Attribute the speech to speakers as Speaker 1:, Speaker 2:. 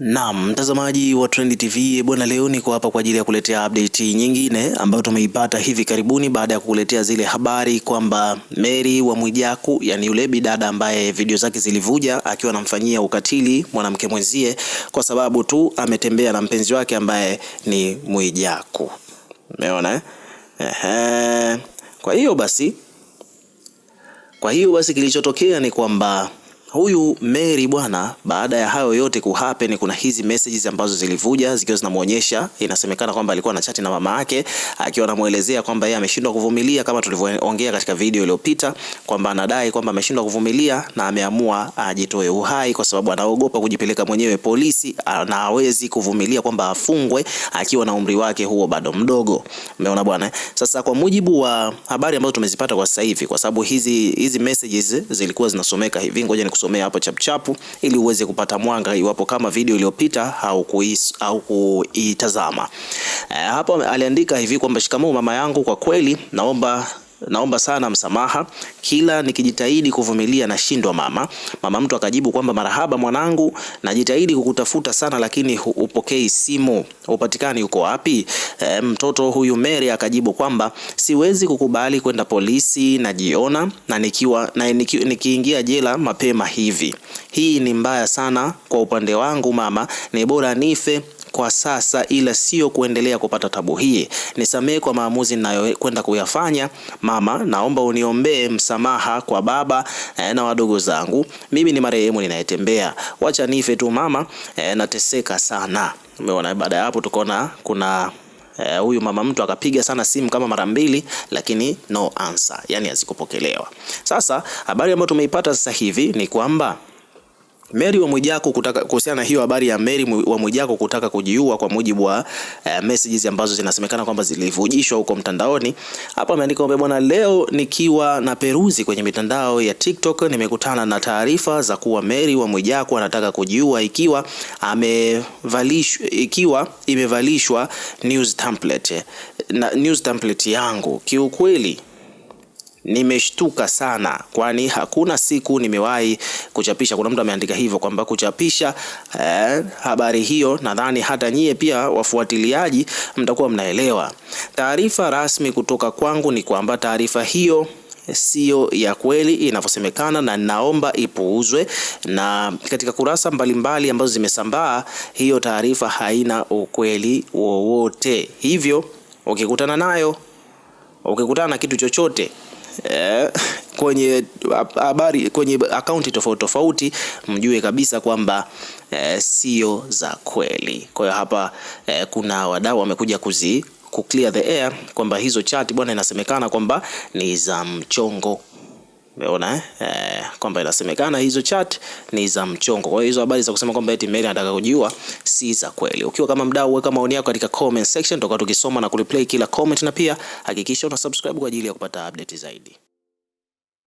Speaker 1: Naam, mtazamaji wa Trend TV bwana, leo niko hapa kwa ajili ya kuletea update nyingine ambayo tumeipata hivi karibuni, baada ya kukuletea zile habari kwamba Mary wa Mwijaku, yani yule bidada ambaye video zake zilivuja akiwa anamfanyia ukatili mwanamke mwenzie kwa sababu tu ametembea na mpenzi wake ambaye ni Mwijaku. Umeona eh? Kwa hiyo basi, kwa hiyo basi kilichotokea ni kwamba Huyu Mary bwana, baada ya hayo yote happen, kuna hizi messages ambazo zilivuja zikiwa zinamuonyesha, inasemekana kwamba alikuwa anachati na mama yake akiwa anamuelezea kwamba yeye ameshindwa kuvumilia, kama tulivyoongea katika video iliyopita, kwamba anadai kwamba ameshindwa kuvumilia na ameamua ajitoe uhai kwa sababu anaogopa kujipeleka mwenyewe polisi na hawezi kuvumilia kwamba afungwe akiwa na umri wake huo bado mdogo. Umeona bwana? Eh? Sasa kwa mujibu wa habari ambazo tumezipata kwa sasa hivi, kwa sababu hizi hizi messages zilikuwa zinasomeka hivi, ngoja kusomea hapo chapuchapu ili uweze kupata mwanga iwapo kama video iliyopita au kuitazama. Eh, hapo aliandika hivi kwamba shikamoo mama yangu, kwa kweli naomba naomba sana msamaha, kila nikijitahidi kuvumilia nashindwa mama. Mama mtu akajibu kwamba marahaba mwanangu, najitahidi kukutafuta sana, lakini upokei simu, upatikani, uko wapi? E, mtoto huyu Mary akajibu kwamba siwezi kukubali kwenda polisi, najiona na nikiwa na niki, nikiingia jela mapema hivi. Hii ni mbaya sana kwa upande wangu mama, ni bora nife kwa sasa, ila sio kuendelea kupata tabu hii. Nisamehe kwa maamuzi ninayokwenda kuyafanya. Mama, naomba uniombee msamaha kwa baba eh, na wadogo zangu. Mimi ni marehemu ninayetembea, wacha nife tu mama eh, nateseka sana. Umeona, baada ya hapo tukaona kuna eh, huyu mama mtu akapiga sana simu kama mara mbili, lakini no answer, yani hazikupokelewa. Sasa habari ambayo tumeipata sasa hivi ni kwamba Mary wa Mwijako kutaka kuhusiana na hiyo habari ya Mary wa Mwijako kutaka kujiua kwa mujibu wa uh, messages ambazo zinasemekana kwamba zilivujishwa huko mtandaoni. Hapa ameandika kwamba bwana, leo nikiwa na peruzi kwenye mitandao ya TikTok nimekutana na taarifa za kuwa Mary wa Mwijako anataka kujiua ikiwa amevalishwa ikiwa imevalishwa news template na news template yangu kiukweli Nimeshtuka sana kwani hakuna siku nimewahi kuchapisha. Kuna mtu ameandika hivyo kwamba kuchapisha eh, habari hiyo. Nadhani hata nyie pia wafuatiliaji mtakuwa mnaelewa. Taarifa rasmi kutoka kwangu ni kwamba taarifa hiyo siyo ya kweli inavyosemekana, na naomba ipuuzwe. Na katika kurasa mbalimbali mbali ambazo zimesambaa, hiyo taarifa haina ukweli wowote. Hivyo ukikutana nayo, ukikutana na kitu chochote Eh, kwenye habari kwenye akaunti tofauti tofauti, mjue kabisa kwamba eh, sio za kweli. Kwa hiyo hapa eh, kuna wadau wamekuja kuzi ku clear the air kwamba hizo chat bwana, inasemekana kwamba ni za mchongo Umeona eh? eh, kwamba inasemekana hizo chat ni za mchongo. Kwa hiyo hizo habari za kusema kwamba eti Mary anataka kujiua si za kweli. Ukiwa kama mdau, weka maoni yako katika comment section, tutakuwa tukisoma na kureplay kila comment, na pia hakikisha una subscribe kwa ajili ya kupata update zaidi.